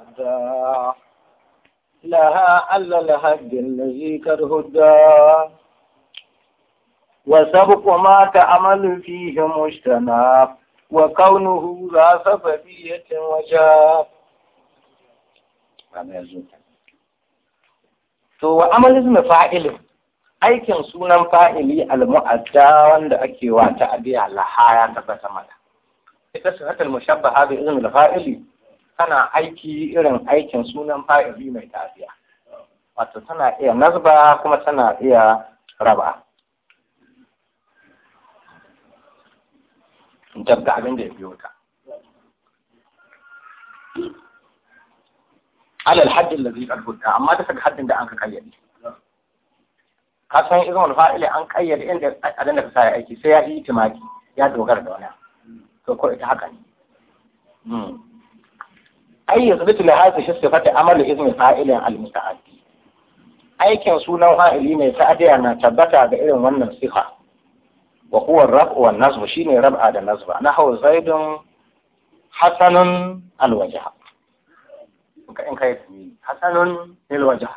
أهدى لها ألا الهج الذي قد هدى وسبق ما تأمل فيه مجتمع وكونه لا سفدية وجاء To wa amalizm fa'ilin aikin sunan fa'ili al-mu'adda wanda ake wa ta'abiya lahaya ta bata mata. Ita sifatul mushabbaha bi faili tana aiki irin aikin sunan biyu mai tafiya wato tana iya nasba kuma tana iya raba jabga abin da ya biyo ta alal haddin da zai ƙarfuta amma ta saka haddin da an ka kayyade ka san izon fa'ili an kayyade inda abin da ka sa aiki sai ya yi timaki ya dogara da wani to ko ita haka ne hmm. ai ya zalatu la hadhihi sifatu amalu izmi fa'ilin al-muta'addi aikin sunan fa'ili mai ta'addiya na tabbata ga irin wannan sifa wa huwa ar-raf' wa an-nasb shine rab'a da nasba nahwu zaidun hasanun al-wajha in kai hasanun lil-wajha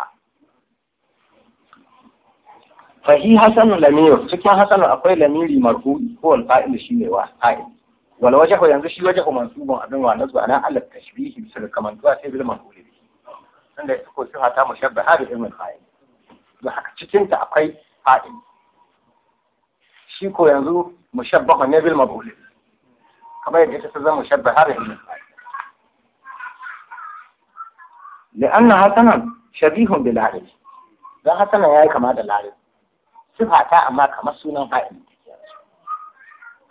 fa hi hasanun lamir cikin hasanun akwai lamiri marfu'i ko al-fa'il shine wa fa'il wal wajhu yanzu shi wajhu mansubun abin wa nasu ana alal tashbihi da ga kamantuwa sai bil manqul bi tunda ita ko sifa ta mushabbaha bi ilmin fa'il da haka cikin ta akwai fa'il shi ko yanzu mushabbaha ne bil mabul kamar yadda ita ta zama mushabbaha bi ilmin fa'il لأنها سنن شبيه بالعرب ذا سنن يا كما ده العرب صفة أما كما سنن فاعل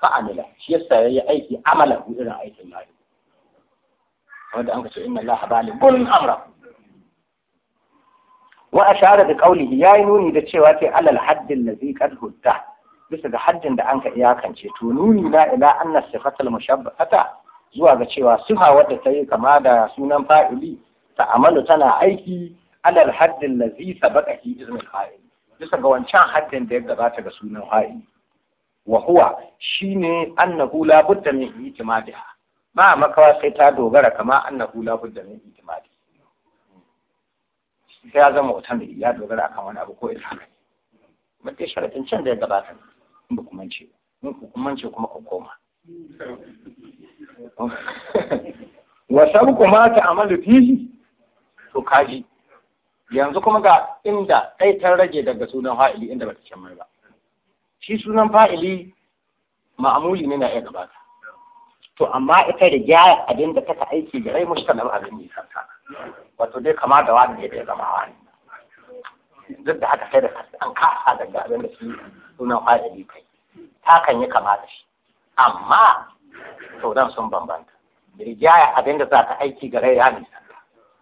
fa'amila shi yasa yayi aiki amala ko irin aikin mali wanda an ce inna allaha balighun amra wa ashara bi qawlihi yayi nuni da cewa sai alal haddin ladhi qad hudda bisa ga haddin da anka iyakance to nuni na ila anna sifatul mushabbahata zuwa ga cewa sifa wadda ta yi kama da sunan fa'ili ta amalu tana aiki alal haddin ladhi ki izinin fa'il bisa ga wancan haddin da ya gabata ga sunan fa'ili wa huwa shine annahu la budda min itimadiha ba makawa sai ta dogara kama annahu la budda min itimadi sai ya zama wata mai ya dogara kan wani abu ko ilhaka mutai sharafin can da ya gabata in ba kuma in ku kuma ce kuma ku koma wa sabu kuma ta amalu fihi to kaji yanzu kuma ga inda ɗai ta rage daga sunan ha'ili inda bata can mai ba shi sunan fa'ili ma'amuli ne na iya gabata to amma ita da gyara abin da ta aiki da rai kanar abin ne santa wato dai kama da wani da ya zama wani duk da haka sai da an kasa daga abin da shi sunan fa'ili kai ta kan yi kama da shi amma dan sun bambanta rigaya abin da za ta aiki ga rai ya nisa